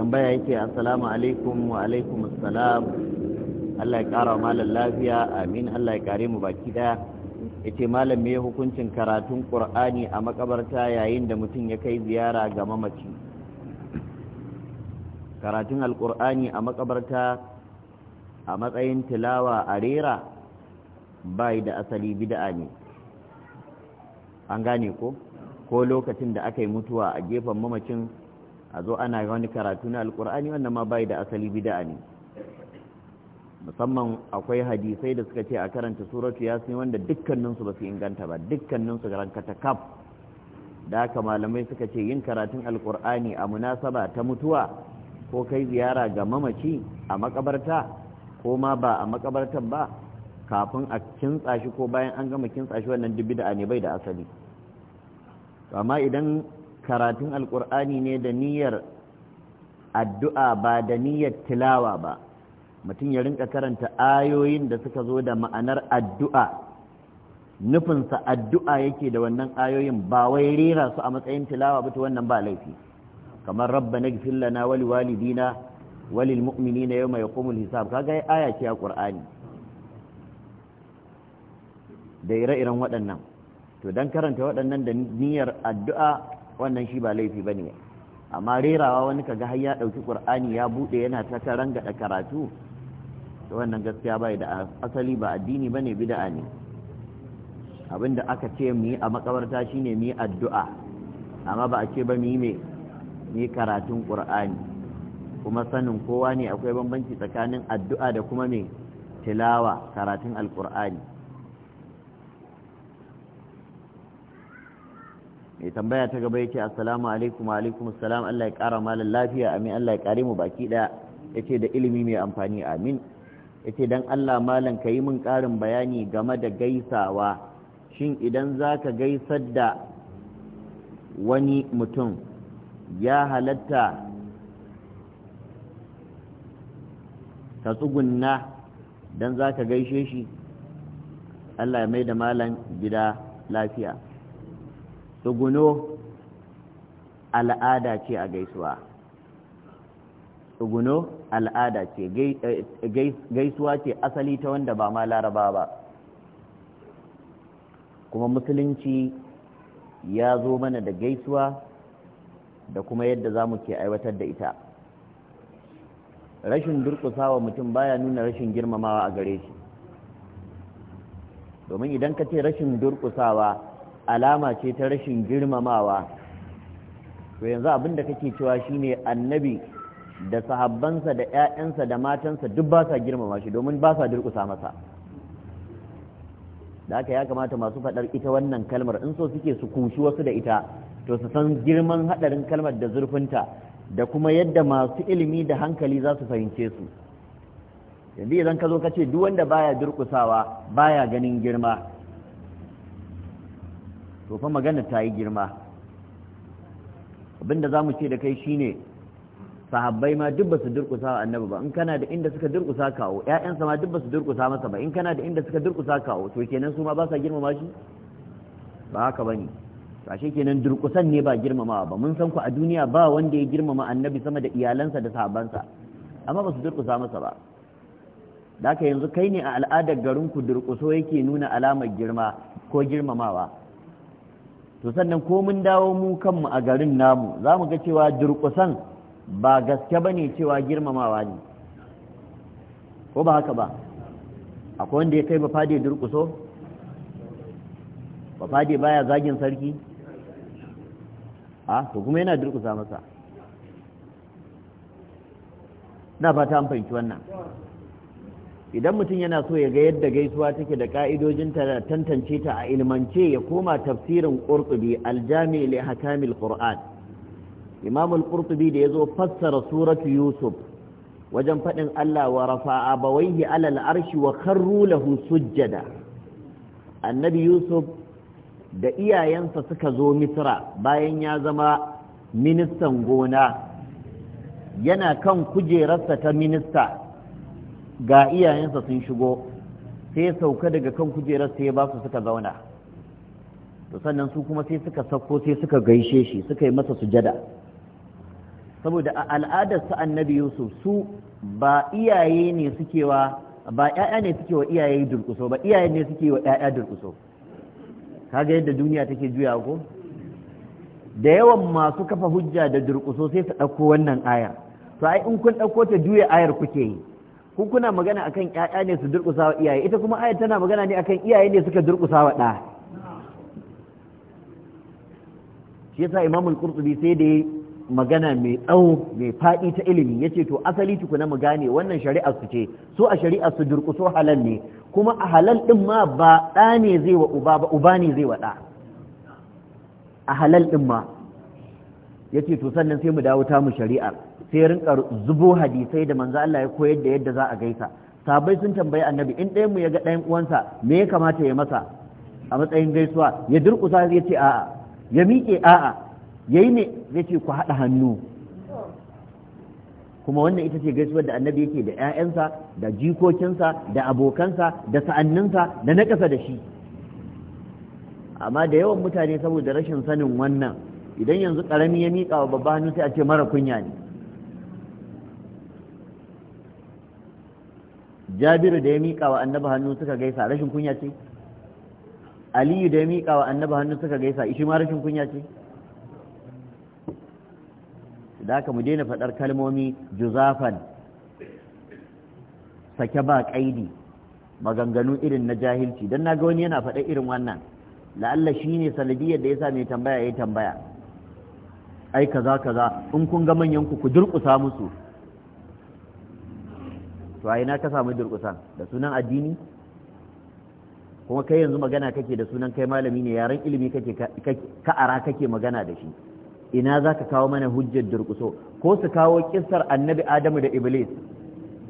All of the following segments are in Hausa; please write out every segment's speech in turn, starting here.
tambaya yake assalamu alaikum wa alaikum assalam Allah ya kara malam lafiya amin Allah ya kare mu baki daya yace malam me hukuncin karatun Qur'ani a makabarta yayin da mutum ya kai ziyara ga mamaci karatun alqur'ani a makabarta a matsayin tilawa a rera bai da asali bid'a ne an gane ko ko lokacin da aka yi mutuwa a gefen mamacin a zo ana wani karatu na alkur'ani wannan ma bai da asali bid'a ne musamman akwai hadisai da suka ce a karanta suratu yasin wanda dukkaninsu ba su inganta ba dukkaninsu rankata kaf da haka malamai suka ce yin karatun alkur'ani a munasaba ta mutuwa ko kai ziyara ga mamaci a makabarta ko ma ba a makabartar ba kafin a kintsa shi ko bayan an gama kintsa shi wannan dubida bid'a ne bai da asali amma idan karatun alkur'ani ne da niyyar addu'a ba da niyyar tilawa ba mutum ya rinka karanta ayoyin da suka zo da ma'anar addu'a nufinsa addu'a yake da wannan ayoyin ba wai rera su a matsayin tilawa ba ta wannan ba laifi kamar rabba na lana wali walidina walil mu'mini na yau mai kumul hisab kaga ya aya ce a ƙur'ani da ire-iren waɗannan to don karanta waɗannan da niyyar addu'a wannan shi ba laifi ba ne amma rerawa wani kaga har ya ɗauki ƙur'ani ya buɗe yana ta gaɗa karatu da wannan gaskiya bai da asali ba addini ba ne bida'a ne abinda aka ce mu yi a makabarta shine mu yi addu'a amma ba a ce ba mu yi mai karatun ƙur'ani kuma sanin kowa ne akwai bambanci tsakanin addu'a da kuma mai tilawa karatun alƙur'ani mai tambaya ta gaba yace assalamu alaikum wa alaikum assalam Allah ya kara malan lafiya amin Allah ya kare mu baki daya yace da ilimi mai amfani amin yace dan Allah malan kayi min karin bayani game da gaisawa shin idan zaka gaisar da wani mutum ya halatta ka tsugunna dan zaka gaishe shi Allah ya mai da gida lafiya tsuguno al'ada ce a gaisuwa tsuguno al'ada ce eh, gaisuwa ce asali ta wanda ba ma laraba ba kuma musulunci ya zo mana da gaisuwa da kuma yadda za mu ke aiwatar da ita rashin wa mutum baya nuna rashin girmamawa a gare shi domin idan ka ce rashin durkusawa alama ce ta rashin girmamawa to yanzu abinda kake cewa shine annabi da sahabbansa da ƴaƴansa da matansa duk ba sa girmama shi domin ba sa durƙusa masa da haka ya kamata masu faɗar ita wannan kalmar in so suke su kushi wasu da ita to su san girman haɗarin kalmar da zurfinta da kuma yadda masu ilimi da hankali za su fahimce su yanzu idan ka zo ka ce duk wanda baya durƙusawa baya ganin girma to fa magana ta yi girma abinda za mu ce da kai shine sahabbai ma duk basu durkusa wa annabi ba in kana da inda suka durkusa kawo ƴaƴansa ma duk basu durkusa masa ba in kana da inda suka durkusa kawo to kenan su ma ba sa girmama shi ba haka bane ashe kenan durkusan ne ba girmamawa ba mun san ku a duniya ba wanda ya girmama annabi sama da iyalansa da sahabbansa amma basu durkusa masa ba da haka yanzu kai ne a al'adar garinku durkuso yake nuna alamar girma ko girmamawa to sannan ko mun dawo mu kanmu a garin namu za mu ga cewa durƙusan ba gaske ba ne cewa girmamawa ne ko ba haka ba akwai wanda ya kai ba fade durƙuso ba fade baya zagin sarki a to kuma yana durƙusa masa na fata an fahimci wannan idan mutum yana so ya ga yadda gaisuwa take da ka'idojin ta tantance ta a ilmance ya koma tafsirin qurtubi aljami li hakamil qur'an imam al-qurtubi da yazo fassara suratu yusuf wajen fadin Allah wa rafa'a bawaihi alal arshi wa kharru lahu sujjada annabi yusuf da iyayensa suka zo misra bayan ya zama ministan gona yana kan kujerarsa ta minista ga iyayensa sun shigo sai ya sauka daga kan kujerar sai ya ba su suka zauna to sannan su kuma sai suka sauko sai suka gaishe shi suka yi masa sujada saboda a al'adar su annabi yusuf su ba iyaye ne suke wa ba ƴaƴa ne suke wa iyaye durƙuso ba iyaye ne suke wa ƴaƴa durƙuso kaga yadda duniya take juya ko da yawan masu kafa hujja da durƙuso sai su ɗauko wannan aya to ai in kun ɗauko ta juya ayar kuke yi ku kuna magana akan ƴaƴa ne su durƙusa wa iyaye ita kuma ayat tana magana ne akan iyaye ne suka durƙusa wa ɗa shi yasa al qurtubi sai da magana mai tsawo mai faɗi ta ilimi yace to asali tukuna mu gane wannan shari'a su ce su a shari'ar su durƙuso halal ne kuma a halal din ma ba ɗa ne zai wa uba ba uba ne zai wa ɗa a halal din ma ya ce to sannan sai mu dawo mu shari'a sai rinka zubo hadisai da manzo Allah ya koyar da yadda za a gaisa sabai sun tambayi annabi in ɗayan mu ya ga ɗayan uwansa me ya kamata ya masa a matsayin gaisuwa ya durƙusa ya ce a'a ya miƙe a'a yayi ne zai ce ku haɗa hannu kuma wannan ita ce gaisuwar da annabi yake da ƴaƴansa da jikokinsa da abokansa da sa'anninsa da na ƙasa da shi amma da yawan mutane saboda rashin sanin wannan idan yanzu karami ya miƙa wa babba hannu sai a ce mara kunya ne jabiru da ya miƙa wa annaba hannu suka gaisa rashin kunya ce aliyu da ya miƙa wa annaba hannu suka gaisa ishi ma rashin kunya ce da haka mu daina faɗar kalmomi juzafan sake ba ƙaidi maganganu irin na jahilci don na ga wani yana faɗa irin wannan la'alla shi ne sanadiyar da ya sa mai tambaya ya yi tambaya ai kaza kaza in kun ga manyan ku ku durƙusa musu to ai na ka samu durƙusan da sunan addini kuma kai yanzu magana kake da sunan kai malami ne yaren ilimi kake ka'ara kake magana da shi ina za ka kawo mana hujjar durƙuso ko su kawo kissar annabi adamu da iblis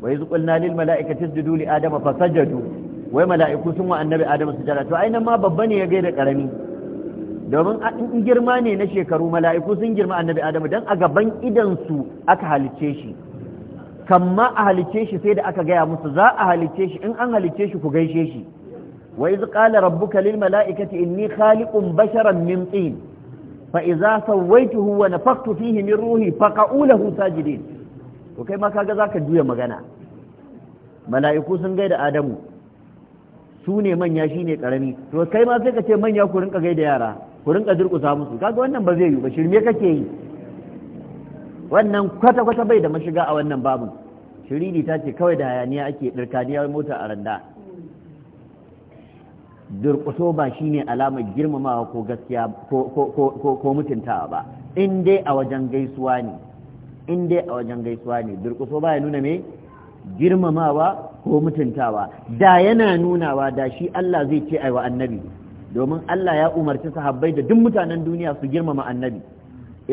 wai qulna lil mala'ikati isjudu li adama fasajadu wai mala'iku sun wa annabi adamu sujada to ai nan ma babba ne ya gaida karami domin an girma ne na shekaru mala'iku sun girma annabi adamu don a gaban idansu aka halicce shi kamma a halicce shi sai da aka gaya musu za a halicce shi in an halicce shi ku gaishe shi wa iz qala rabbuka lil mala'ikati inni khaliqun basharan min tin fa iza sawaituhu wa nafakhtu fihi min ruhi faqa'u lahu sajidin to kai ma kaga zaka juya magana mala'iku sun gaida adamu su manya shine karami to kai ma sai ka ce manya ku rinka gaida yara ku rinka durƙusa musu kaga wannan ba zai yi ba shirme kake yi wannan kwata kwata bai da mashiga a wannan babin shiridi ta ce kawai da hayaniya ake ɗirkaniyar mota a randa durƙuso ba shi ne alamar girmamawa ko gaskiya ko mutuntawa ba in dai a wajen gaisuwa ne in dai a wajen gaisuwa ne durƙuso ba ya nuna me girmamawa ko mutuntawa da yana nunawa da shi Allah zai ce aiwa annabi domin Allah ya umarci sahabbai da duk mutanen duniya su girmama annabi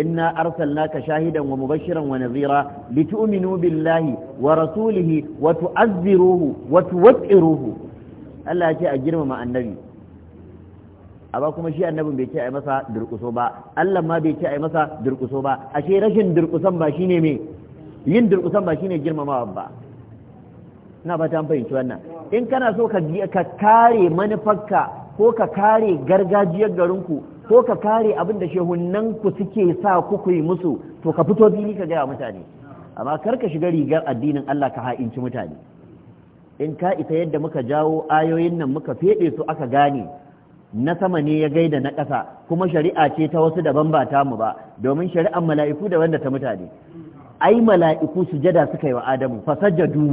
inna arsalnaka shahidan wa mubashiran wa nadhira litu'minu billahi wa rasulihi wa tu'azziruhu wa tuwaqqiruhu Allah ya ce a girmama annabi amma kuma shi annabin bai ce a masa durkuso ba Allah ma bai ce a masa durkuso ba ashe rashin durkusan ba shine me yin durkusan ba shine girmamawa ba Ina fata an fahimci wannan in kana so ka kare manufarka ko ka kare gargajiyar garinku ko ka kare abin da shehunanku suke sa ku yi musu to ka fito fili ka gaya mutane amma kar ka shiga rigar addinin Allah ka ha'inci mutane in ka isa yadda muka jawo ayoyin nan muka feɗe su aka gane na sama ne ya gaida na ƙasa kuma shari'a ce ta wasu daban ba ta mu ba domin shari'ar mala'iku da wanda ta mutane ai mala'iku sujada suka yi wa Adamu fasajjadu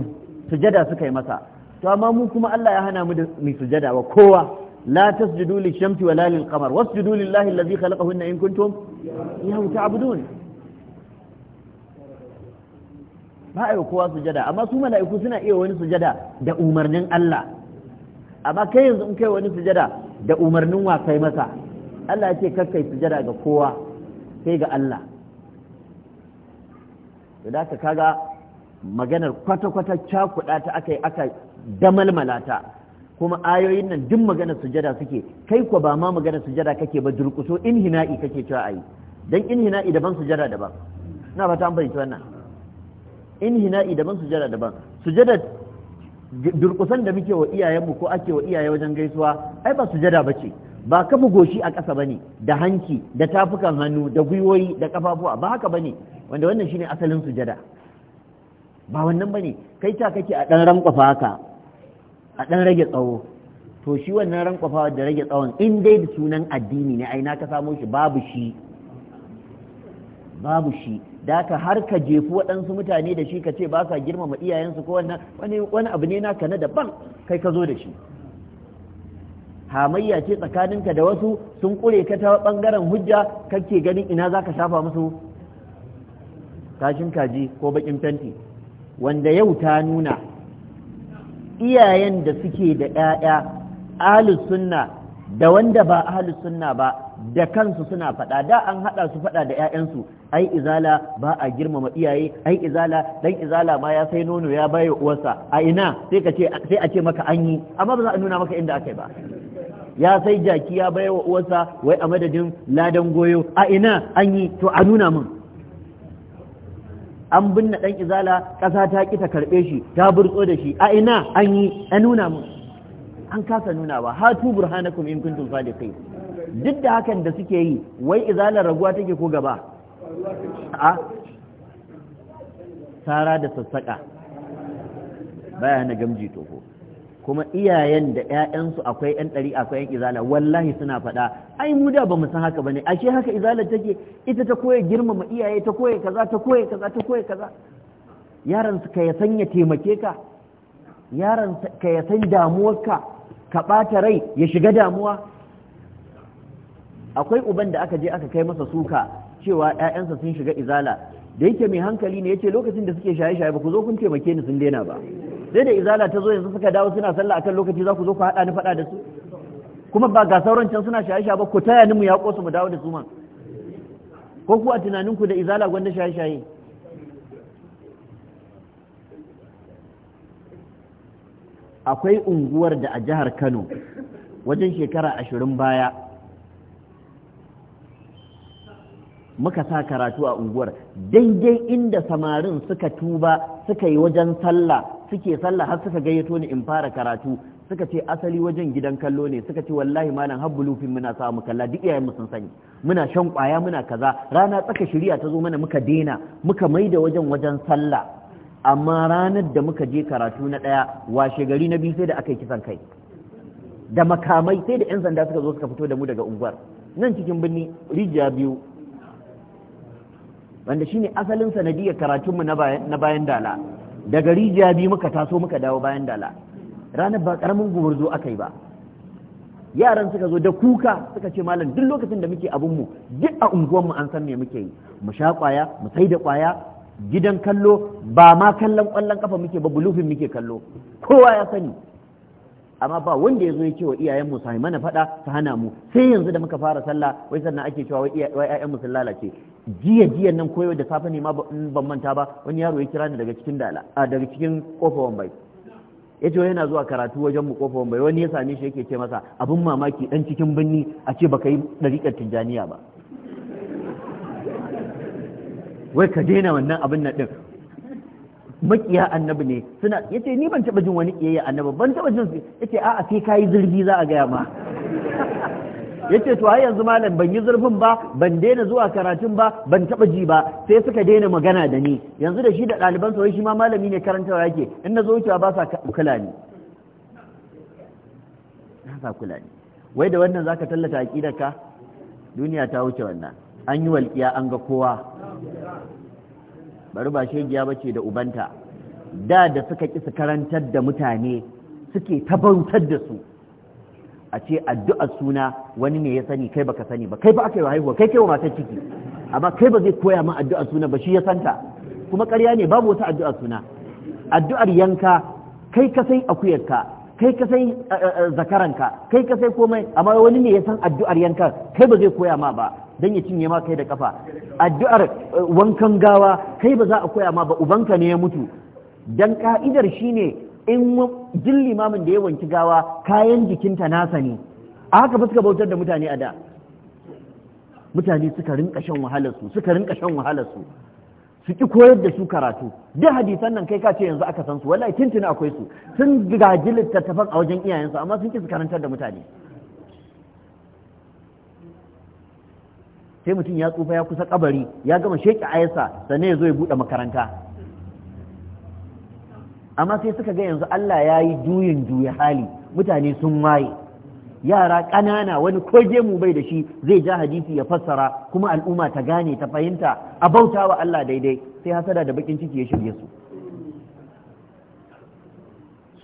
sujada suka yi masa to amma mu kuma Allah ya hana mu da mu sujada wa kowa la tasjudu lishamsi wala lilqamar wasjudu lillahi allazi khalaqahunna in kuntum iyyahu ta'budun ba a yi kowa sujada amma su mala'iku suna iya wani sujada da umarnin Allah amma kai yanzu in kai wani sujada da umarnin wa kai masa Allah ya ce kakkai sujada ga kowa sai ga Allah da ka kaga maganar kwata-kwata cakuɗa ta aka yi aka damalmala ta kuma ayoyin nan duk maganar sujada suke kai ko ba ma maganar sujada kake ba durkuso in hina'i kake cewa ayi dan in hina'i daban sujada daban ina fata an bayyana wannan in hina'i daban sujada daban sujada durkusan da muke wa iyayenmu ko ake wa iyaye wajen gaisuwa ai ba sujada bace ba kafa goshi a ƙasa bane da hanki, da tafukan hannu da gwiwoyi da kafafuwa ba haka bane wanda wannan shine asalin sujada ba wannan bane kai ta kake a dan rankwafa haka a ɗan rage tsawo to shi wannan rankwafawa da rage tsawon in dai da sunan addini ne ai na ka samo shi babu shi babu shi da ka har ka jefu waɗansu mutane da shi ka ce ba ka girmama iyayensu ko wannan wani abu ne naka na daban kai ka zo da shi hamayya ce tsakaninka da wasu sun kure ka ta ɓangaren hujja kake ganin ina za ka shafa musu kashin kaji ko bakin fenti wanda yau ta nuna iyayen da suke da ‘ya'ya ahalus sunna da wanda ba ahalus sunna ba da kansu suna faɗa da an haɗa su faɗa da ‘ya'yansu ai izala ba a girmama iyaye ai izala dan izala ma ya sai nono ya bai uwarsa a ina sai a ce maka an yi amma ba za a nuna maka inda aka yi ba ya sai jaki ya bai wa uwarsa wai a madadin ladan goyo a ina an yi to a nuna min an binne dan izala ƙasa ta ki ta karɓe shi ta burtso da shi a ina an yi an nuna mu an kasa nuna ba Ha tu burhanakum in kuntum sadiqin duk da hakan da suke yi wai izalar raguwa take ko gaba a sara da sassaka baya na gamji toho kuma iyayen da 'ya'yansu akwai 'yan ɗari akwai ƴan izala wallahi suna faɗa ai mu da ba mu san haka bane ashe haka izalar take ita ta koya girmama iyaye ta koya kaza ta koya kaza ta koya kaza yaron ka ya san ya taimake ka yaron ka ya san damuwar ka ɓata rai ya shiga damuwa akwai uban da aka je aka kai masa suka cewa 'ya'yansa sun shiga izala da yake mai hankali ne yace lokacin da suke shaye-shaye ba ku zo kun taimake ni sun daina ba sai da izala ta zo yanzu suka dawo suna sallah akan lokaci za ku zo ku haɗa ni faɗa da su kuma ba ga sauran can suna shaye-shaye ba ku taya ni mu ya su mu dawo da su ma ko ku a tunanin ku da izala gwanda shaye-shaye akwai unguwar da a jihar Kano wajen shekara ashirin baya muka sa karatu a unguwar daidai inda samarin suka tuba suka yi wajen sallah suke sallah har suka gayyato ni in fara karatu suka ce asali wajen gidan kallo ne suka ce wallahi malam har bulufin muna sa mu kalla duk iyayen mu sun sani muna shan kwaya muna kaza rana tsaka shiriya ta zo mana muka dena muka maida wajen wajen sallah amma ranar da muka je karatu na daya washe gari na biyu sai da aka yi kisan kai da makamai sai da yan sanda suka zo suka fito da mu daga unguwar nan cikin birni rijiya biyu wanda shine asalin sanadiyar karatunmu na bayan dala daga rijiya biyu muka taso muka dawo bayan dala ranar ba karamin gumurzo aka yi ba yaran suka zo da kuka suka ce malam duk lokacin da muke abinmu duk a unguwanmu an san me muke yi mu sha kwaya mu sai da kwaya gidan kallo ba ma kallon kwallon kafa muke ba bulufin muke kallo kowa ya sani amma ba wanda ya zo ya ce wa iyayen mu sai mana fada su hana mu sai yanzu da muka fara sallah wai sannan ake cewa wai iyayen mu sun lalace jiya jiya nan koyo da safe ne ma ban manta ba wani yaro ya kira ni daga cikin dala daga cikin bai ya ce yana zuwa karatu wajen mu kofar bai wani ya same shi yake ce masa abin mamaki dan cikin birni a ce baka yi dariƙar tijjaniya ba wai ka daina wannan abin nan din makiya annabi ne suna yace ni ban taba jin wani kiyayya annabi ban taba jin yace a'a sai kai zurfi za a gaya ma yace to har yanzu malam ban yi zurfin ba ban daina zuwa karatun ba ban taba ji ba sai suka daina magana da ni yanzu da shi da ɗaliban sa shi ma malami ne karantawa yake in na zo wucewa ba sa kula ni ba sa kula ni wai da wannan zaka tallata aqidarka duniya ta wuce wannan an yi walƙiya an ga kowa bari ba shegiya bace da ubanta da da suka ƙi su karantar da mutane suke tabautar da su a ce addu'ar suna wani ne ya sani kai baka sani ba kai ba aka yi haihuwa kai kai wa matar ciki amma kai ba zai koya ma addu'ar suna ba shi ya santa kuma ƙarya ne babu wata addu'ar suna addu'ar yanka kai ka sai akuyarka kai ka sai eh, eh, zakaranka kai ka sai komai amma wani ne ya san addu'ar yanka kai ba zai koya ma ba don ya cinye ma kai da kafa addu'ar eh, wankan gawa kai ba za a koya ma ba ubanka ne ya mutu dan ka'idar shine in jin limamin da ya wanki gawa kayan jikinta nasa ne a haka ba suka bautar da mutane a da mutane suka rinka shan wahalarsu, suka rinka shan wahalarsu su ki koyar da su karatu duk hadisan nan kai ka ce yanzu aka san su wallahi tintina akwai su sun gaji tattafan a wajen iyayensu amma sun ki su karantar da mutane sai mutum ya tsufa ya kusa kabari ya gama sheki ayasa sannan ya zo ya bude makaranta amma sai suka ga yanzu Allah ya yi juyin juya hali mutane sun maye yara ƙanana wani ko mu bai da shi zai ja hadisi ya fassara kuma al'umma ta gane ta fahimta a bauta wa Allah daidai sai hasada da bakin ciki ya shirye su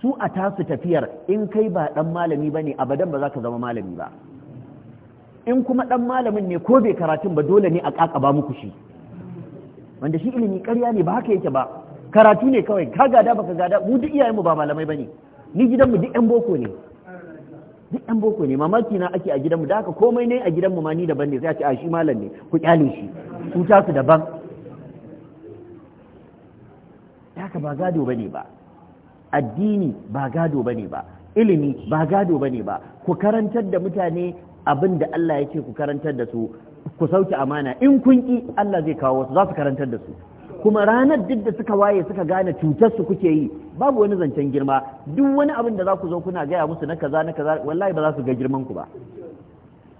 su a tasu tafiyar in kai ba ɗan malami ba ne abadan ba za ka zama malami ba in kuma ɗan malamin ne ko bai karatun ba dole ne a ƙaƙaba muku shi wanda shi ilimi ƙarya ne ba haka yake ba karatu ne kawai ka gada baka gada mu duk iyayen mu ba malamai ba ne, ni gidan mu duk yan boko ne duk yan boko ne mamaki na ake a gidan mu da haka komai ne a gidan mu ma ni daban ne sai a ce a shi malam ne ku kyale shi su ta su daban haka ba gado bane ba addini ba gado bane ba ilimi ba gado bane ba ku karantar da mutane abin da Allah yake ku karantar da su ku sauke amana in kun ki Allah zai kawo wasu za su karantar da su kuma ranar duk da suka waye suka gane cutar su kuke yi babu wani zancen girma duk wani abin da za ku zo kuna gaya musu na kaza na kaza wallahi ba za su ga girman ku ba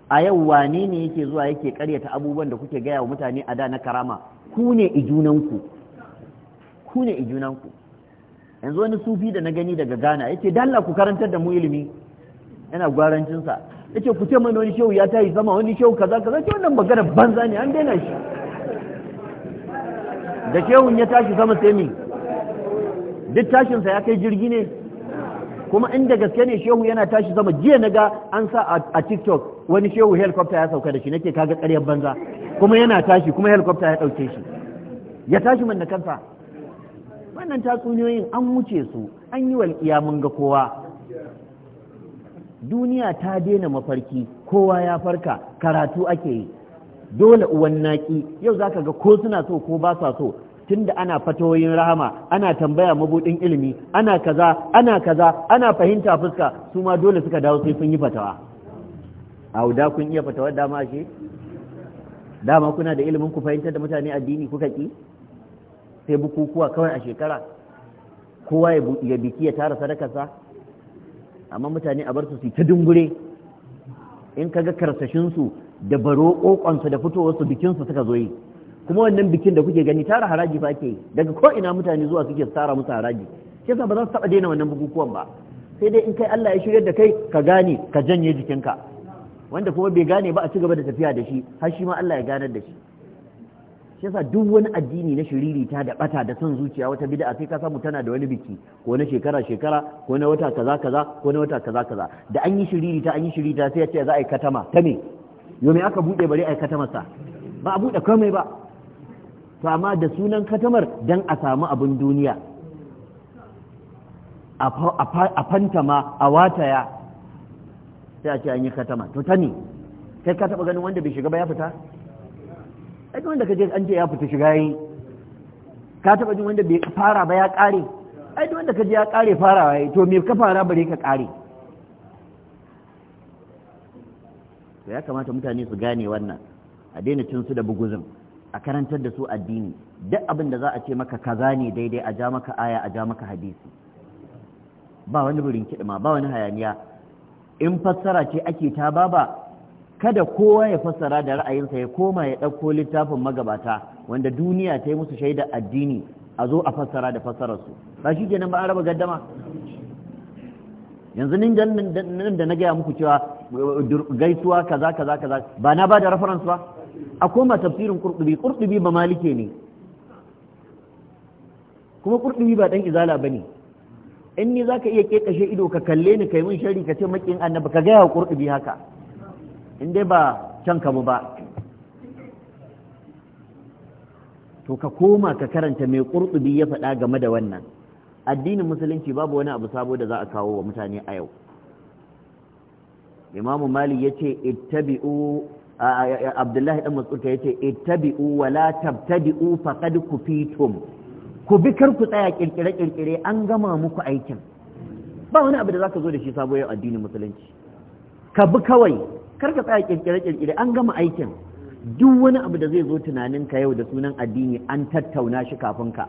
a yau wane ne yake zuwa yake karyata abubuwan da kuke gaya wa mutane a da na karama ku ne ijunanku ku ne ijunanku yanzu wani sufi da na gani daga Ghana yace dalla ku karantar da mu ilimi yana gwarancinsa yace ku ce mana wani shehu ya tayi sama wani shehu kaza kaza ke wannan magana banza ne an daina shi da shehu ya tashi sama sai me duk tashinsa ya kai jirgi ne kuma inda gaske ne shehu yana tashi sama jiya na ga an sa a tiktok wani shehu helicopter ya sauka da shi nake kaga karyar banza kuma yana tashi kuma helicopter ya dauke shi ya tashi man da kansa wannan tatsuniyoyin an wuce su an yi walƙiya mun ga kowa duniya ta daina mafarki kowa ya farka karatu ake yi dole uwan naki yau zaka ga ko suna so ko ba sa so tunda ana fatoyin rahama ana tambaya mabudin ilimi ana kaza ana kaza ana fahimta fuska su ma dole suka dawo sai sun yi fatawa A da kun iya fatawar dama ce? dama kuna da ilimin ku fahimtar da mutane addini kuka ki sai bukukuwa kawai a shekara kowa ya biki ya tara sadakarsa amma mutane a bar su ta dungure in ka ga karsashinsu da baro kokonsu da fitowarsu, bikinsu suka zo yi kuma wannan bikin da kuke gani tara haraji fa ke daga ko ina mutane zuwa suke tara musu haraji shi ba za su taɓa daina wannan bukukuwan ba sai dai in kai Allah ya shirya da kai ka gane ka janye jikinka wanda kuma bai gane ba a ci gaba da tafiya da shi har shi ma Allah ya ganar da shi shi yasa duk wani addini na shiririta da bata da son zuciya wata bid'a sai ka samu tana da wani biki ko na shekara shekara ko na wata kaza kaza ko na wata kaza kaza da an yi shiririta an yi shiririta sai ya ce za a yi katama ta me yau me aka bude bare a yi katama sa ba a bude komai ba to amma da sunan katamar dan a samu abun duniya a fantama a wataya sai a ce an yi katama to ta ne kai ka taba ganin wanda bai shiga ba ya fita ai wanda kaje an ce ya fita shiga yi ka taba jin wanda bai fara ba ya kare ai wanda kaje ya kare farawa yi to me ka fara bare ka kare ya kamata mutane su gane wannan a daina cin su da buguzin a karantar da su addini duk abin da za a ce maka kaza ne daidai a ja maka aya a ja maka hadisi ba wani burin kidima ba wani hayaniya in fassara ce ake ta baba kada kowa ya fassara da ra'ayinsa ya koma ya ɗauko littafin magabata wanda duniya ta yi musu shaida addini a zo a fassara da fassararsu ba shi kenan ba an raba gaddama yanzu nin nan da na gaya muku cewa gaisuwa kaza kaza kaza ba na ba da reference ba a koma tafsirin kurdubi kurdubi ba malike ne kuma kurdubi ba dan izala bane in ni zaka iya kekashe ido ka kalle ni kai mun shari ka ce makin annabi ka gaya wa kurdubi haka in dai ba can kamu ba to ka koma ka karanta mai ƙurɗubi ya faɗa game da wannan addinin musulunci babu wani abu sabo da za a kawo wa mutane a yau imamu mali ya ce abdullahi dan mas'ud ya ce ittabi'u wa la tabtadi'u faqad kufitum ku bi kar ku tsaya kirkire kirkire an gama muku aikin ba wani abu da zaka zo da shi sabo yau addinin musulunci ka bi kawai kar ka tsaya kirkire kirkire an gama aikin duk wani abu da zai zo tunanin ka yau da sunan addini an tattauna shi kafin ka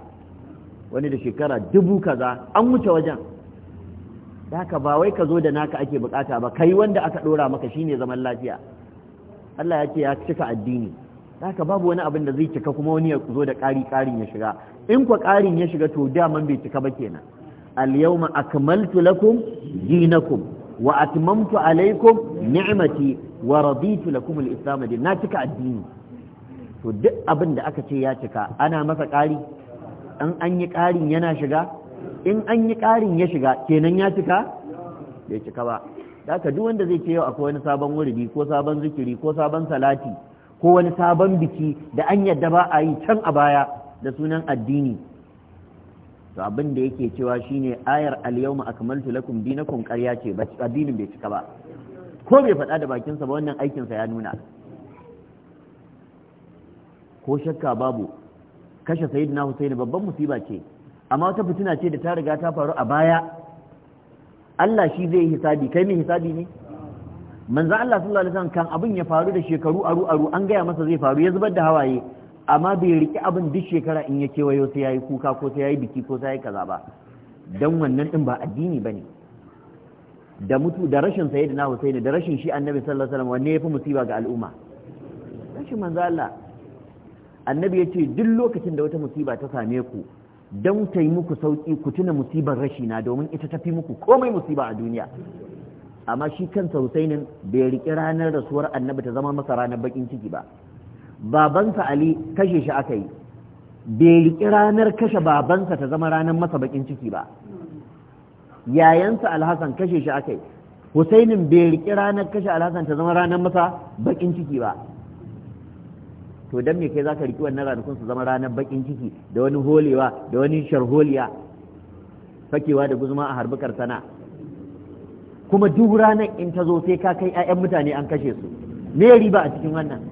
wani da shekara dubu kaza an wuce wajen da haka ba wai ka zo da naka ake bukata ba kai wanda aka dora maka shine zaman lafiya Allah ya ce ya cika addini da haka babu wani abin da zai cika kuma wani ya zo da ƙari ƙarin ya shiga in kwa ƙarin ya shiga to daman bai cika ba kenan al yawma akmaltu lakum dinakum wa atmamtu alaikum ni'mati wa raditu lakum al-islam din na cika addini to duk abin da aka ce ya cika ana masa ƙari in an yi ƙarin yana shiga in an yi ya shiga kenan ya cika bai cika ba da haka duk wanda zai ce yau akwai wani sabon wuridi ko sabon zikiri ko sabon salati ko wani sabon biki da an yadda ba a yi can a baya da sunan addini to abin da yake cewa shine ayar al-yawma akmaltu lakum dinakum ƙarya ce ba addinin bai cika ba ko bai faɗa da bakin sa ba wannan aikinsa ya nuna ko shakka babu kashe sayyidina Husaini babban musiba ce amma wata fitina ce da ta riga ta faru a baya Allah shi zai yi hisabi kai mai hisabi ne manzo Allah sallallahu alaihi wasallam kan abin ya faru da shekaru aru aru an gaya masa zai faru ya zubar da hawaye amma bai riƙe abin duk shekara in ya kewayo sai ya yi kuka ko sai ya yi biki ko sai ya kaza ba don wannan ɗin ba addini ba ne da mutu da rashin sayi da na husaini da rashin shi annabi sallallahu alaihi wasallam wanne ya fi musiba ga al'umma rashin manzo Allah annabi ya ce duk lokacin da wata musiba ta same ku don ta yi muku sauki ku tuna musibar rashi na domin ita ta fi muku komai musiba a duniya amma shi kansa husainin bai riƙi ranar rasuwar annabi ta zama masa ranar bakin ciki ba babansa ali kashe shi aka yi bai riƙi ranar kashe babansa ta zama ranar masa bakin ciki ba yayansa alhassan kashe shi aka yi husainin bai riƙi ranar kashe alhassan ta zama ranar masa bakin ciki ba to dan me kai zaka riki wannan ranakun su zama ranar bakin ciki da wani holewa da wani sharholiya fakewa da guzuma a harbukar sana kuma duk ranar in ta zo sai ka kai 'ya'yan mutane an kashe su me riba a cikin wannan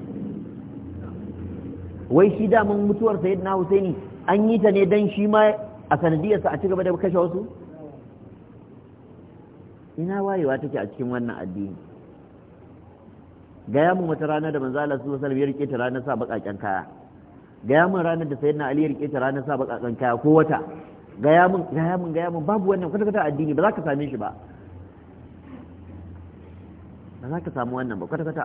wai shi daman mutuwar sayyidina husaini an yi ta ne dan shi ma a sanadiyarsa a ci gaba da kashe wasu ina wayewa take a cikin wannan addini gaya mu wata rana da manzo Allah sallallahu alaihi wasallam ya rike ta ranar sa bakakken kaya gaya mun ranar da sayyidina Ali ya rike ta ranar sa bakakken kaya ko wata gaya mun gaya mun gaya mun babu wannan kwata kwata addini ba za ka same shi ba ba za ka samu wannan ba kwata kwata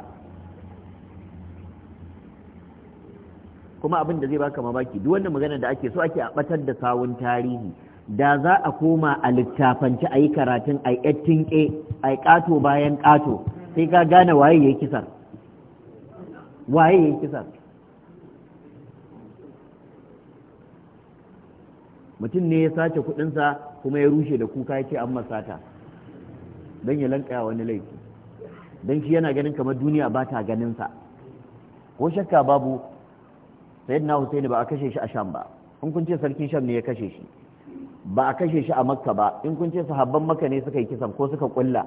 kuma abin da zai baka mamaki duk wannan magana da ake so ake a batar da sawun tarihi da za a koma a littafanci a yi karatun a yattin ke a yi bayan kato sai ka gane waye ya kisar waye ya kisar mutum ne ya sace sa kuma ya rushe da kuka ya ce an masata don ya lankaya wani laifi don shi yana ganin kamar duniya ba ta ganinsa ko shakka babu sayyidina husaini ba a kashe shi a sham ba in kun ce sarki sham ne ya kashe shi ba a kashe shi a makka ba in kun ce sahabban makka ne suka yi kisan ko suka kulla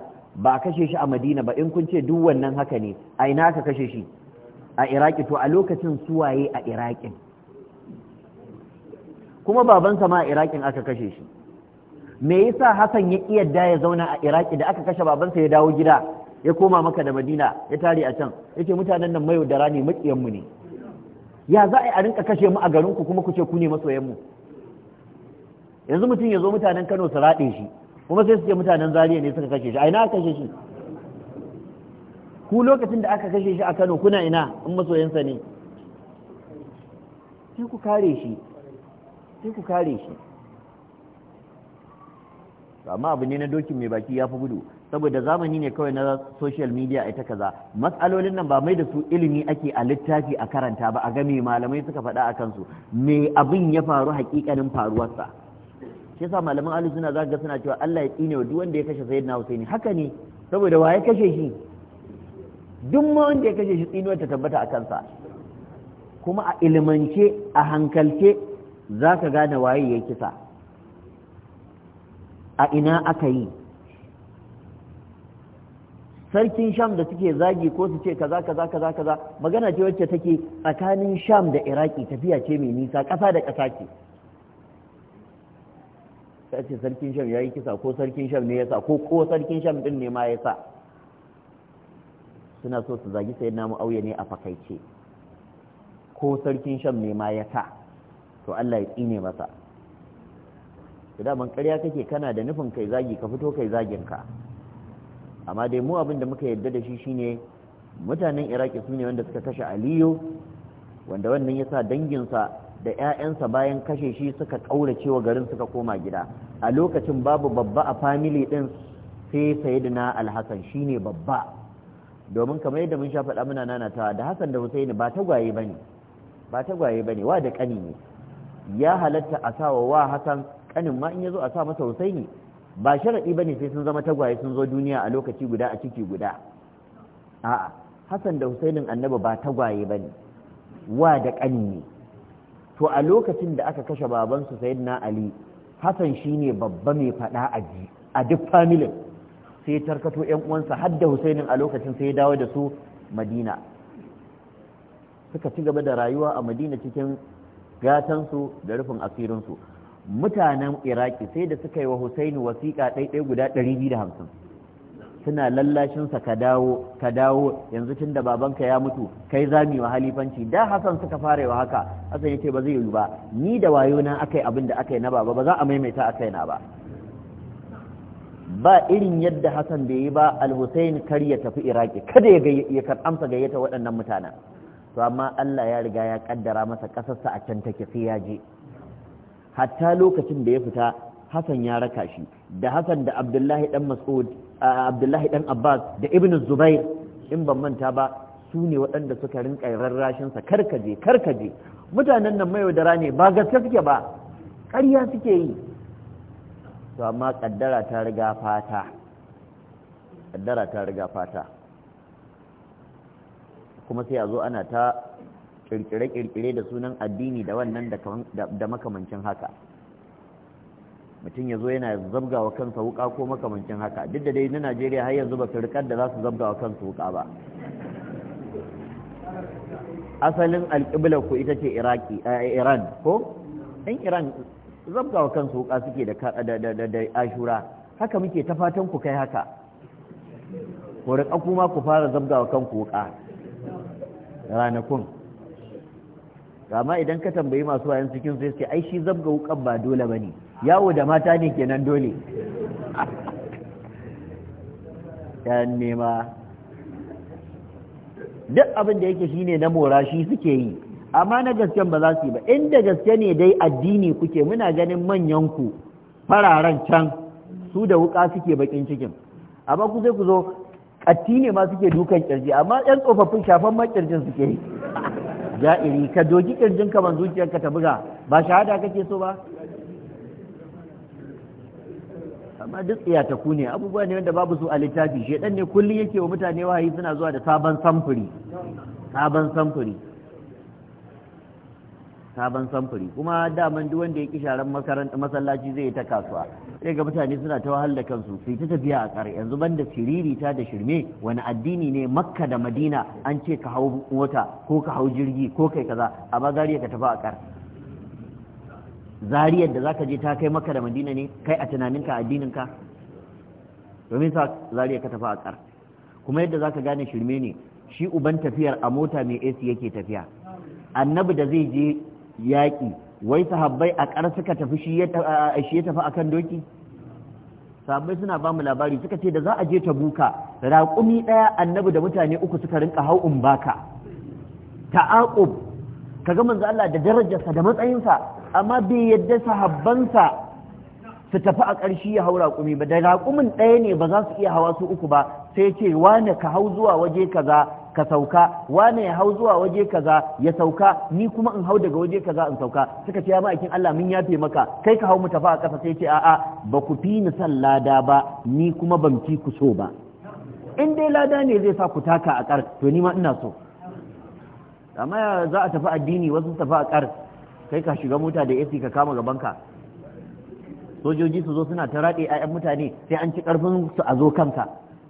ba a kashe shi a madina ba in kun ce duk wannan haka ne a ina aka kashe shi a iraki to a lokacin suwaye a Iraki? kuma babansa ma a irakin aka kashe shi me yasa hasan ya da ya zauna a iraki da aka kashe babansa ya dawo gida ya koma maka da madina ya tare a can yake mutanen nan mayaudara ne makiyanmu ne ya za a rinka kashe mu a garinku kuma ku ce ku ne masoyanmu yanzu mutum ya zo mutanen kano su raɗe shi kuma sai su ce mutanen zariya ne suka kashe shi a ina aka kashe shi ku lokacin da aka kashe shi a kano kuna ina in masoyansa ne sai ku kare shi sai ku kare shi amma abu ne na dokin mai baki ya fi gudu saboda zamani ne kawai na social media ita kaza matsalolin nan ba mai da su ilimi ake a littafi a karanta ba a game malamai suka faɗa a kansu me abin ya faru hakikanin faruwarsa shi yasa malaman ahlus sunna zaka suna cewa Allah ya tsine wa duk wanda ya kashe sayyidina Husaini haka ne saboda wa ya kashe shi duk ma wanda ya kashe shi tsinuwar ta tabbata a kansa kuma a ilimance a hankalce zaka gane waye ya kisa a ina aka yi sarkin sham da suke zagi ko su ce kaza kaza kaza kaza magana ce wacce take tsakanin sham da iraki tafiya ce mai nisa ƙasa da ƙasa ce sai ce sarkin sham ya yi kisa ko sarkin sham ne ya sa ko ko sarkin sham din ne ma ya sa suna so su zagi sai namu auya ne a fakaice ko sarkin sham ne ma ya sa to Allah ya tsine masa da ban ƙarya kake kana da nufin kai zagi ka fito kai zagin ka amma dai mu abin da muka yarda da shi shine mutanen iraki su ne wanda suka kashe aliyu wanda wannan ya sa danginsa da 'ya'yansa bayan kashe shi suka kaura cewa garin suka koma gida a lokacin babu babba a famili ɗin sai sayidina alhassan shi ne babba domin kamar yadda mun sha faɗa muna nanatawa da hassan da husaini ba tagwaye ba ne ba tagwaye ba ne wa da ƙani ne ya halatta a sawa wa hasan ƙanin ma in ya zo a sa masa husaini ba sharaɗi ba ne sai sun zama tagwaye sun zo duniya a lokaci guda a ciki guda a'a hassan da husainin annabi ba tagwaye ba ne wa da ƙani ne to a lokacin da aka kashe babansu sayyidina ali hassan ne babba mai faɗa a duk familin sai ya tarkato 'yan uwansa har da husainin a lokacin sai ya dawo da su madina suka ci gaba da rayuwa a madina cikin gatansu da rufin asirinsu mutanen iraki sai da suka yi wa Husaini wasiƙa ɗaiɗai guda ɗari biyu da hamsin suna lallashinsa ka dawo ka dawo yanzu tun da babanka ya mutu kai zami wa halifanci da hasan suka fara yi wa haka hasan yace ba zai yi ba ni da wayona na akai abin da akai na baba ba za a maimaita akai na ba ba irin yadda hasan bai yi ba al-husayn kar ya tafi iraki kada ya ya amsa gayyata waɗannan mutanen to amma Allah ya riga ya kaddara masa kasarsa a can take sai ya je hatta lokacin da ya fita Hassan ya raka shi da Hassan da Abdullahi dan Mas'ud Abdullahi dan Abbas da Ibn Zubair in ban manta ba su ne waɗanda suka rinka rarrashin sa karkaje karkaje mutanen nan mai wadara ne ba gaske suke ba ƙarya suke yi to amma kaddara ta riga fata kaddara ta riga fata kuma sai a zo ana ta kirkire-kirkire da sunan addini da wannan da makamancin haka mutum ya zo yana zabga wa kansa wuka ko makamancin haka duk da dai na najeriya har yanzu ba su rikar da za su zabga wa kansa wuka ba asalin alƙiblar ku ita ce eh, iran ko ɗan iran zabga wa kansu wuka suke da ashura haka muke ta fatan ku kai haka ku rika kuma ku fara zabga wa kanku wuka ranakun amma idan ka tambayi masu wayan cikin sai ce ai shi zabga wukan ba dole ba ne yawo da mata ne kenan dole yan nema duk abin da yake shine na mora shi suke yi amma na gaske ba za su yi ba inda gaske ne dai addini kuke muna ganin manyan ku fararen can su da wuka suke bakin cikin amma ku sai ku zo katti ne ma suke dukan kirji amma yan tsofaffin shafan ma kirjin suke yi iri ka doki kirjin ka ban zuciyarka ta buga ba shahada kake so ba amma duk tsiyataku ne abubuwa ne wanda babu su a littafi shedan ne kullun yake wa mutane wahayi suna zuwa da sabon samfuri sabon samfuri sabon samfuri kuma daman duk wanda ya ki sharan masallaci zai ta kasuwa sai ga mutane suna ta wahal da kansu sai ta tafiya a tsare yanzu banda ta da shirme wani addini ne makka da madina an ce ka hau mota ko ka hau jirgi ko kai kaza a bazariya ka tafi a kar zariyar da zaka je ta kai makka da madina ne kai a tunaninka addininka domin sa zariyar ka tafi a kar kuma yadda zaka gane shirme ne shi uban tafiyar a mota mai AC yake tafiya annabi da zai je yaƙi wai sahabbai a ƙar suka tafi shi ya tafi akan doki sahabbai suna ba mu labari suka ce da za a je ta buka raƙumi ɗaya annabi da mutane uku suka rinka in baka ta'aqub kaga manzo Allah da darajarsa da matsayinsa amma bai yadda sahabbansa su tafi a ƙarshe ya hau raƙumi ba da raƙumin ɗaya ne ba za su iya hawa su uku ba sai ce wani ka hau zuwa waje kaza ka sauka wane ya hau zuwa waje kaza ya sauka ni kuma in hau daga waje kaza in sauka suka ce ya ma'aikin Allah mun yafe maka kai ka hau mu tafi a ƙasa sai ce a'a ba ku fi ni san lada ba ni kuma ban fi ku so ba in dai lada ne zai sa ku taka a ƙar to ni ma ina so amma za a tafi addini wasu tafi a ƙar kai ka shiga mota da AC ka kama gaban ka sojoji su zo suna ta raɗe 'ya'yan mutane sai an ci ƙarfin su a zo kanka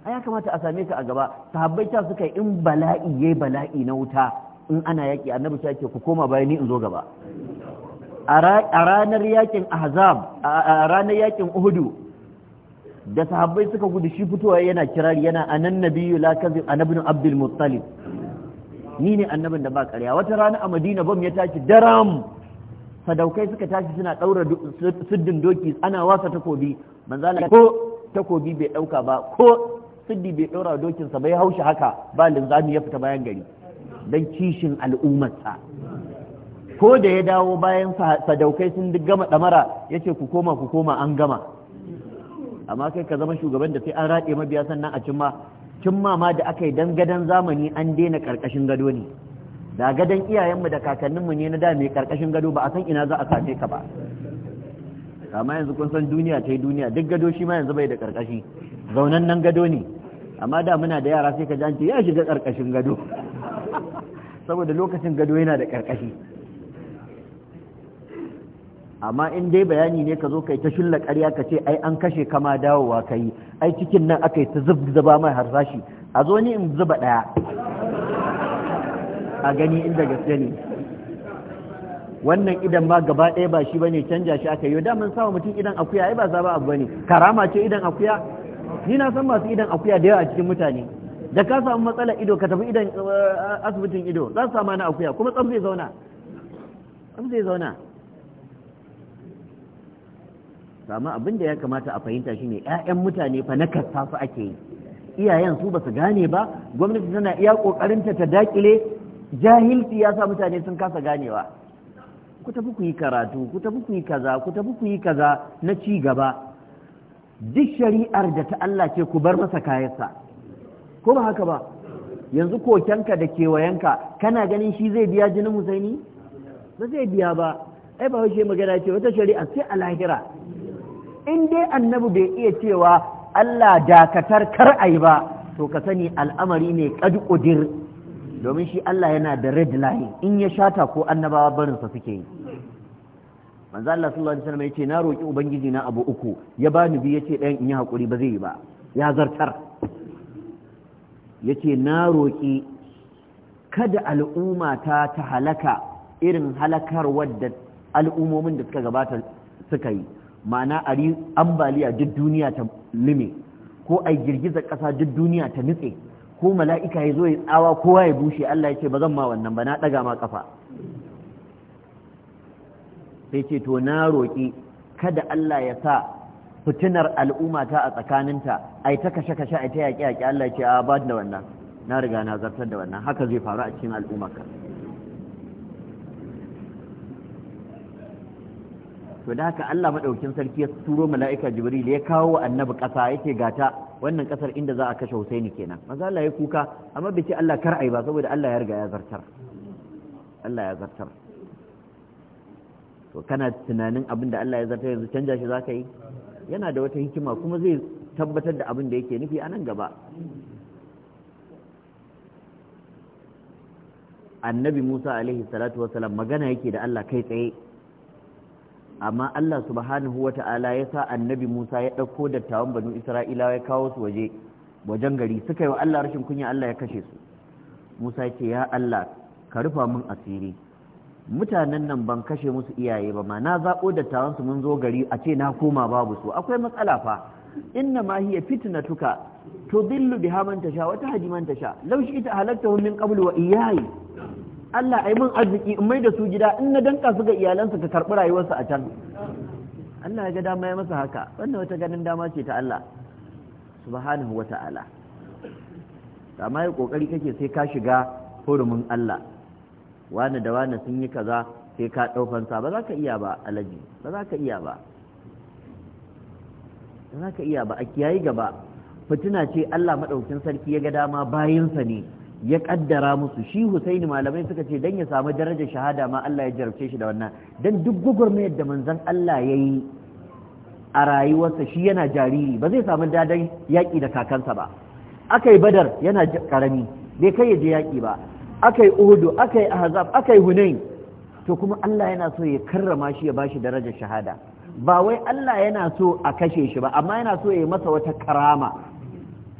a ya kamata a same ka a gaba sahabbai ta suka in bala'i yayi bala'i na wuta in ana yaki annabi ta ce ku koma bayani in zo gaba a ranar yakin ahzab a ranar yakin uhudu da sahabbai suka gudu shi fitowa yana kirari yana anan nabiyyu la kazib ibn abdul muttalib ni ne annabin da ba ƙarya wata rana a madina bam ya tashi daram sadaukai suka tashi suna ɗaura siddin doki ana wasa takobi manzala ko takobi bai ɗauka ba ko siddi bai ɗora dokinsa bai haushi haka ba linzami ya fita bayan gari don kishin al'ummarsa ko da ya dawo bayan sadaukai sun gama ɗamara ya ce ku koma ku koma an gama amma kai ka zama shugaban da sai an raɗe mabiya sannan a cimma cimma ma da aka yi dan gadon zamani an daina ƙarƙashin gado ne da gadon iyayenmu da kakanninmu ne na da mai ƙarƙashin gado ba a san ina za a sace ka ba amma yanzu kun san duniya ta yi duniya duk gado shi ma yanzu bai da ƙarƙashi zaunan nan gado ne amma da muna da yara sai ka ji ya shiga karkashin gado saboda lokacin gado yana da karkashi amma in dai bayani ne ka zo kai ta shulla ƙarya ka ce ai an kashe kama dawowa ka yi ai cikin nan aka yi ta zuba mai harsashi a zo ni in zuba ɗaya a gani inda gaske ne wannan idan ma gaba ɗaya ba shi bane canja shi aka yi da mun sawa mutum idan akuya ai ba za ba abu bane karama ce idan akuya ni na san masu idan akuya da yawa a cikin mutane da ka samu matsalar ido ka tafi idan eh, asibitin ido za su samu na akuya kuma tsam zai zauna tsam zai zauna amma abin da ya kamata a fahimta shine ƴaƴan mutane fa na kasta su ake yi iyayen su ba su gane ba gwamnati tana iya ƙoƙarinta ta dakile jahilci ya sa mutane sun kasa ganewa ku tafi ku yi karatu ku tafi ku yi kaza ku tafi ku yi kaza na ci gaba duk shari'ar da ta Allah ce ku bar masa kayansa ko ba haka ba yanzu kokenka da kewayenka kana ganin shi zai biya jinin husaini ba zai biya ba ai ba washe magana ce wata shari'a sai a lahira in dai annabi bai iya cewa Allah dakatar kar ai ba to ka sani al'amari ne kad domin shi Allah yana da red line in ya shata ko annabawa barinsa suke yi manzo Allah sallallahu alaihi wasallam yace na roki ubangiji na abu uku ya bani bi yace dan in yi hakuri ba zai yi ba ya zartar yace na roki kada al'umma ta ta halaka irin halakar wadda al'ummomin da suka gabata suka yi ma'ana ari ambaliya duk duniya ta lime ko ai girgizar kasa duk duniya ta nutse ko mala'ika ya zo ya tsawa kowa ya bushe Allah ya ce ba zan ma wannan ba na daga ma kafa sai ce to na roƙi kada Allah ya sa fitinar al'umma ta a tsakaninta ai ta kashe kashe ai ta yaƙi yaƙi Allah ya ce a ba da wannan na riga na zartar da wannan haka zai faru a cikin al'ummarka to da haka Allah madaukin sarki ya turo mala'ika Jibril ya kawo annabi ƙasa yake gata wannan ƙasar inda za a kashe Husaini kenan maza Allah ya kuka amma bai ce Allah kar ai ba saboda Allah ya riga ya zartar Allah ya zartar to kana tunanin abin da Allah ya zarta yanzu canja shi zaka yi yana da wata hikima kuma zai tabbatar da abin da yake nufi a nan gaba annabi Musa alaihi salatu wasalam magana yake da Allah kai tsaye amma Allah subhanahu wa ta'ala ya sa annabi Musa ya ɗauko dattawan banu Isra'ilawa ya kawo su waje wajen gari suka yi wa Allah rashin kunya Allah ya kashe su Musa ya ce ya Allah ka rufa mun asiri mutanen nan ban kashe musu iyaye ba ma na zaɓo su mun zo gari a ce na koma babu su akwai matsala fa inna ma hiya fitnatuka tudillu biha man tasha wa tahdi man tasha law shi'ta halaktahu min qablu wa iyayi Allah ai mun arziki in mai da su gida in na danka su ga iyalansu ka karɓi rayuwarsu a can Allah ya ga dama ya masa haka wannan wata ganin dama ce ta Allah subhanahu wa ta'ala amma ya kokari kake sai ka shiga hurumin Allah wani da wani sun yi kaza sai ka ɗaufansa ba za ka iya ba alaji ba za ka iya ba ba za ka iya ba a kiyayi gaba fitina ce Allah maɗaukin sarki ya ga dama bayansa ne ya ƙaddara musu shi Husaini malamai suka ce dan ya samu darajar shahada ma Allah ya jarabce shi da wannan dan duk gugurmayar da manzon Allah ya yi a rayuwarsa shi yana jariri ba zai samu dadan yaƙi da kakansa ba aka yi badar yana karami bai kai ya je yaƙi ba aka yi uhudu aka yi ahazab aka yi hunain to kuma Allah yana so ya karrama shi ya bashi darajar shahada ba wai Allah yana so a kashe shi ba amma yana so ya yi masa wata karama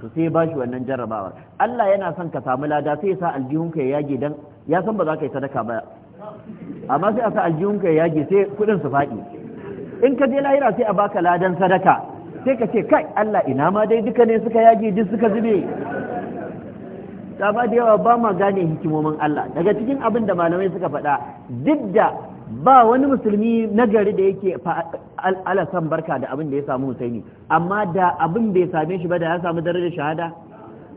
to sai ya bashi wannan jarrabawar Allah yana son ka samu lada sai ya sa aljihunka ya yage dan ya san ba za ka yi sadaka ba amma sai a sa aljihunka ya yage sai kudin su faɗi in ka je lahira sai a baka ladan sadaka sai ka ce kai Allah ina ma dai duka ne suka yage duk suka zube ba da yawa ba ma gane hikimomin Allah daga cikin abin da malamai suka faɗa duk da ba wani musulmi nagari da yake alasan barka da abin da ya samu Husaini amma da abin ya same shi ba da ya samu darajar shahada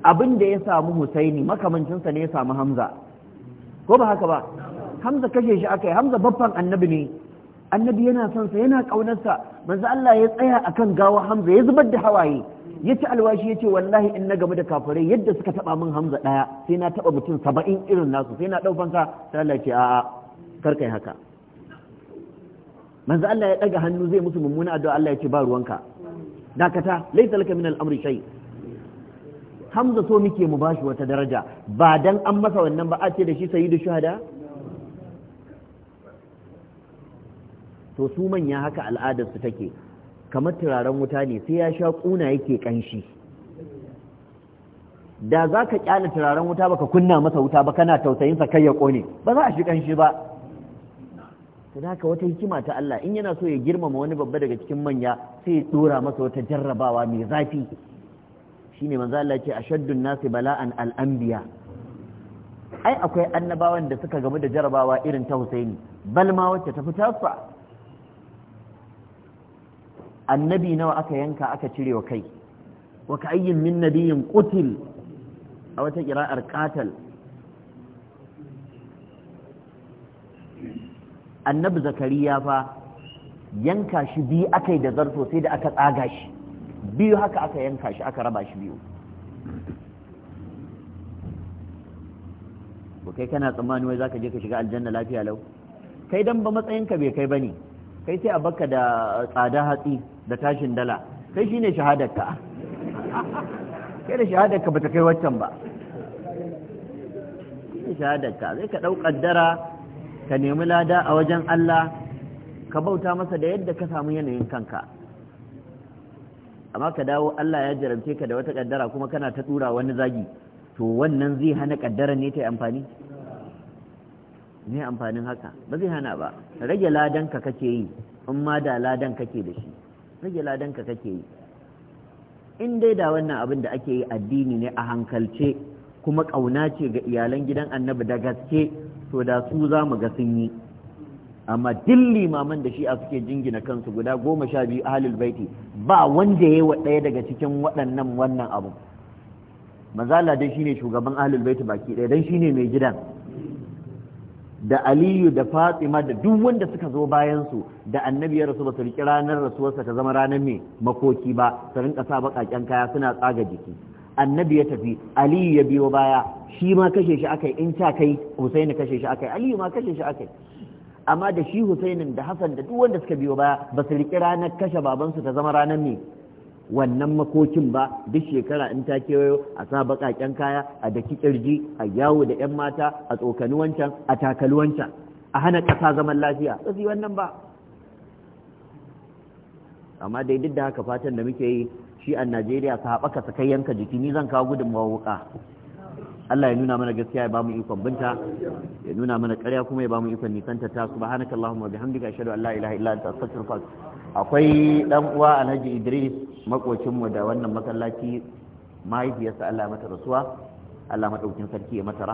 abin da ya samu Husaini makamancinsa ne ya samu Hamza ko ba haka ba Hamza kashe shi aka yi Hamza babban annabi ne annabi yana son sa yana kaunarsa manzo Allah ya tsaya akan gawa Hamza ya zubar da hawaye ya ci alwashi ya ce wallahi in na game da kafirai yadda suka taba min Hamza daya sai na taba mutum saba'in irin nasu sai na daufansa sai Allah ya ce a'a kar kai haka manzo Allah ya daga hannu zai musu mummuna addu'a Allah ya ce ba ruwanka dakata laysa laka min al-amri shay Hamza so muke mu bashi wata daraja ba dan an masa wannan ba a ce da shi sayyidu shuhada to su manya haka al'adar su take kamar turaren wuta ne sai ya sha kuna yake kanshi da za ka kyale turaren wuta baka kunna masa wuta ba kana tausayin sa kai ya kone ba za a shi kanshi ba don haka wata hikima ta Allah in yana so ya girmama wani babba daga cikin manya sai ya dora masa wata jarrabawa mai zafi shine manzo Allah ce ashaddun nasi bala'an al-anbiya ai akwai annabawan da suka gamu da jarrabawa irin ta Husaini bal ma wacce ta fi tasfa. annabi nawa aka yanka aka cire wa kai wa ka ayyin min nabiyin qutil a wata kira'ar qatal annabi zakariya fa yanka shi biyu aka yi da zarto sai da aka tsaga shi biyu haka aka yanka shi aka raba shi biyu kai kana tsammani wai zaka je ka shiga aljanna lafiya lau kai dan ba matsayinka bai kai bane kai sai a baka da tsada hatsi da tashin dala kai shine shahadarka kai da shahadarka bata kai waccan ba shine shahadarka zai ka ɗau ƙaddara ka nemi lada a wajen Allah ka bauta masa da yadda ka samu yanayin kanka amma ka dawo Allah ya jarabce ka da wata ƙaddara kuma kana ta ɗura wani zagi to wannan zai hana kaddara ne ta yi amfani ne amfanin haka ba zai hana ba rage ladan ka kake yi in ma da ladan kake da shi rage ladan ka kake yi in dai da wannan abin da ake yi addini ne a hankalce kuma ƙauna ce ga iyalan gidan annabi da gaske to da su za mu ga sun yi amma dilli maman da shi a suke jingina kansu guda goma sha biyu ahalul baiti ba wanda ya yi wa ɗaya daga cikin waɗannan wannan abu mazala dai shine shugaban ahalul baiti baki ɗaya dan ne mai gidan da aliyu da fatima da duk wanda suka zo bayansu da annabi ya rasu ba su riƙi ranar rasuwarsa ta zama ranar mai makoki ba su rinka sa baƙaƙen kaya suna tsaga jiki annabi ya tafi aliyu ya biyo baya shi ma kashe shi akai in ta kai husaini kashe shi akai aliyu ma kashe shi akai amma da shi husainin da hasan da duk wanda suka biyo baya ba su riƙi ranar kashe babansu ta zama ranar mai wannan makokin ba duk shekara in ta kewayo a sa baƙaƙen kaya a daki ƙirji, a yawo da 'yan mata a tsokani wancan a takali wancan a hana ƙasa zaman lafiya ba su wannan ba amma dai duk da haka fatan da muke yi shi a najeriya ka haɓaka sakayyanka jiki ni zan kawo gudunmawa wuƙa Allah ya nuna mana gaskiya ya ba mu ikon binta ya nuna mana ƙarya kuma ya ba mu ikon nisanta ta subhanaka allahumma bihamdika ashhadu an la ilaha illa anta astaghfiruka akwai dan uwa Alhaji Idris makocin mu da wannan masallaci mahaifiyarsa Allah ya mata rasuwa Allah madaukin sarki ya mata